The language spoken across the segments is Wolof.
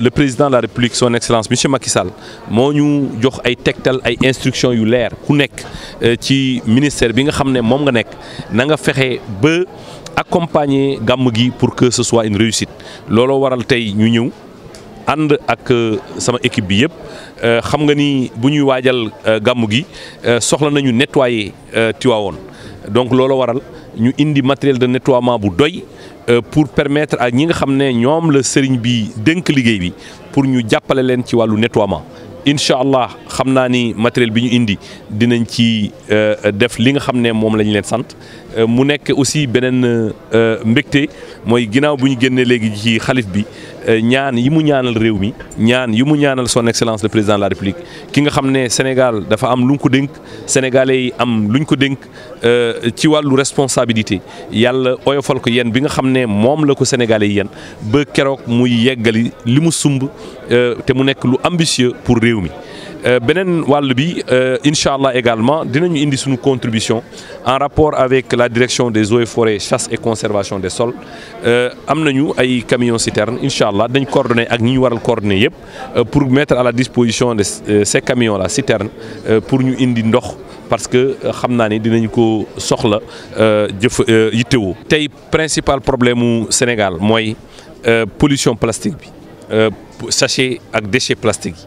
le président de la république son excellence monsieur Macky Sall moo ñu jox ay tegtal ay instructions yu leer ku nekk euh, ci ministère bi nga nous ne moom nga nekk nga ba accompagner Gamugi pour que ce soit une réussite looloo waral tey ñu ñëw and ak euh, sama équipe bi yépp euh, xam nga ni bu wadjal waajal gàmm gi soxla nañu nettoyer Tivaouane donc lolo waral. ñu indi matériel de nettoiement bu doy euh, pour permettre ak ñi nga xam ne ñoom la sëriñ bi dénk liggéey bi pour ñu jàppale leen ci wàllu nettoiement incha allah xam naa ni matériel bi ñu indi dinañ ci euh, def li nga xam ne moom lañ leen sant euh, mu nekk aussi beneen mbégte mooy ginnaaw bu ñu génnee léegi ci xalif bi Euh, ñaan yi mu ñaanal réew mi ñaan yi mu ñaanal son excellence le président de la république ki nga xam ne Sénégal dafa am luñ ko dénk sénégalais yi am lu ñu ko dénk euh, ci wàllu responsabilité yàlla oyofal ko yéen bi nga xam ne moom la ko sénégalais yi ba keroog muy yeggali li mu sumb euh, te mu nekk lu ambitieux pour réew euh, nous avons bi euh, inshallah également dinañu indi contribution en rapport avec la direction des eaux et forêts chasse et conservation des sols euh amnañu ay camions citernes inshallah, dañ coordonner ak ñi waral euh, pour mettre à la disposition de ces camions là citernes pour nous indi ndox parce que xamna ni dinañ ko soxla jëf principal problème au Sénégal la pollution plastique bi sachet ak déchets plastiques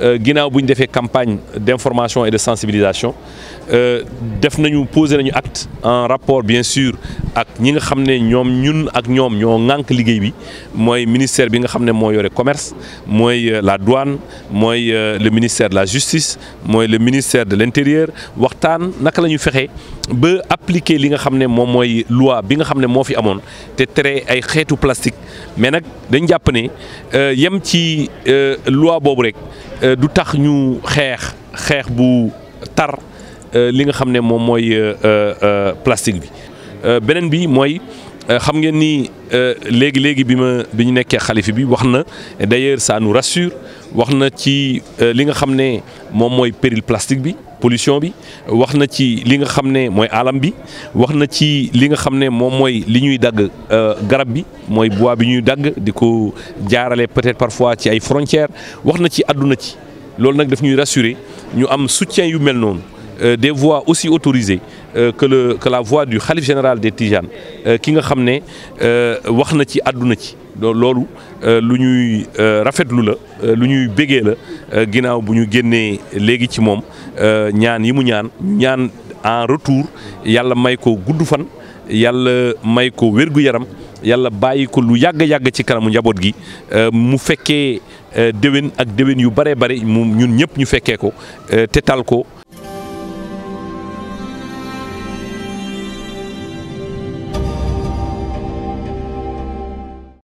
Euh, ginnaaw bu ñu defee campagne d'information et de sensibilisation euh, def nañu poser nañu acte en rapport bien sûr ak ñi nga xamné ñom ñun ak ñom ñoo ngank liggéey bi moy ministère bi nga xamné ne yoré commerce moy euh, la douane moy le ministère de la justice moy le ministère de l'intérieur waxtaan naka lañu fexé ba appliquer li nga xam ne moom mooy loi bi nga xam ne moo fi amoon te tere ay xeetu plastique mais nag dañ jàpp ne euh, yem ci euh, loi boobu rek euh, du tax ñu xeex xeex bu tar li nga xam ne moom mooy plastique bi beneen bi mooy xam ngeen ni léegi léegi bi ma bi ñu nekkee xalifi bi wax na d'ailleurs ça nous rassure wax na ci li nga xam ne moom mooy péril plastique bi pollution bi wax na ci li nga xamné moy alam bi wax na ci li nga xamné mom moy mooy li ñuy d'ag, euh, garab bi moy bois bi ñuy dag diko ko jaarale peut-être parfois ci ay frontières wax na ci aduna ci lool nak daf ñuy rassurer ñu am soutien yu mel noonu euh, des voix aussi autorisées euh, que le que la voix du khalife général des Tidianes ki nga xamné ne wax na ci aduna ci loolu euh, lu ñuy euh, rafetlu la euh, lu ñuy bégee la ginnaaw bu ñu génnee léegi ci moom ñaan yi mu ñaan ñaan en retour yàlla may ko gudd fan yàlla may ko wérgu yaram yàlla bàyyi ko lu yàgg yàgg ci kanamu njaboot gi mu fekkee déwén ak déwén yu bare bare mu ñun ñëpp ñu fekkee ko te tal ko.